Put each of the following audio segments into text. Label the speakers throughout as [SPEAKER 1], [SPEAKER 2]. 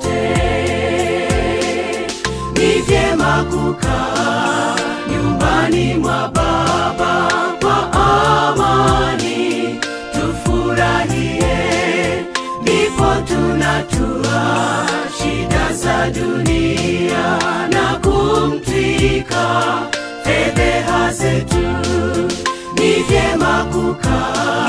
[SPEAKER 1] yote, ni vyema kukaa nyumbani mwa Baba kwa amani, tufurahie, ndipo tunatua shida za dunia na kumtwika fedheha zetu. Ni vyema kukaa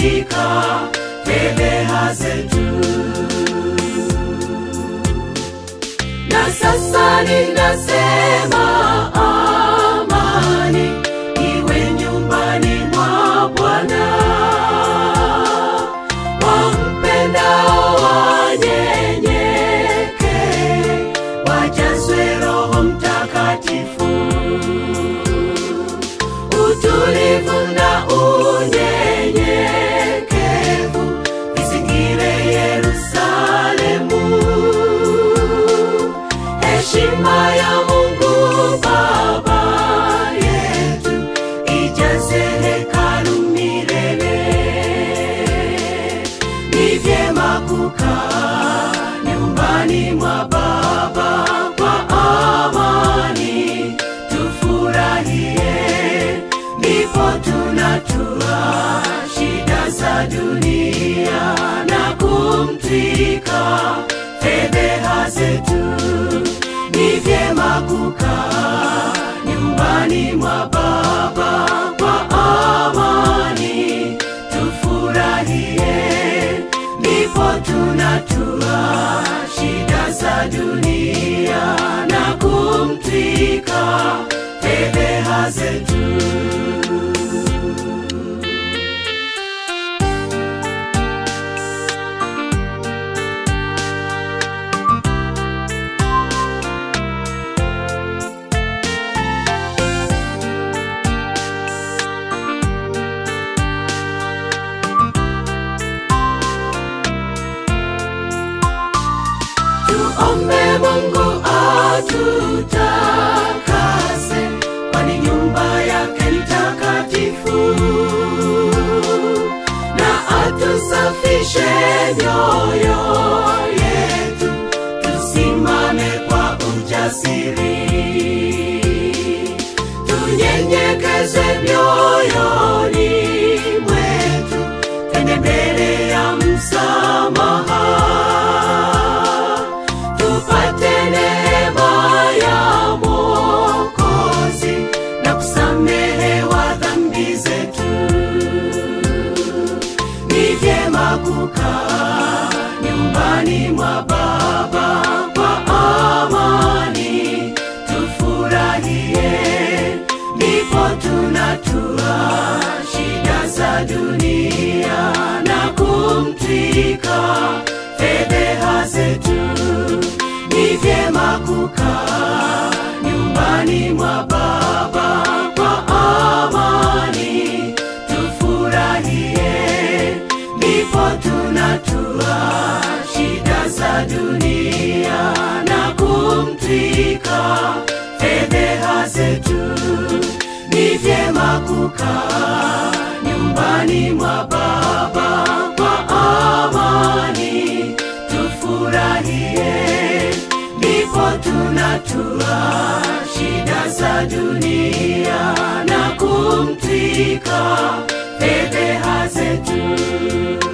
[SPEAKER 1] katika fedheha zetu na sasa ninasema ah. dunia na kumtwika fedheha zetu, ni vyema kukaa nyumbani mwa Baba kwa amani, tufurahie, ndipo tunatua shida za dunia na kumtwika fedheha zetu. Tuombe Mungu atutakase, kwani nyumba yake ni takatifu, na atusafishe nyoyo yetu, tusimame kwa ujasiri, tunyenyekeze mioyoni kukaa nyumbani mwa Baba kwa amani, tufurahie, ndipo tunatua shida za dunia na kumtwika fedheha zetu. Ni vyema kukaa nyumbani mwa Baba tunatua shida za dunia na kumtwika fedheha zetu, ni vyema kukaa nyumbani mwa Baba kwa amani, tufurahie, ndipo tunatua shida za dunia na kumtwika fedheha zetu.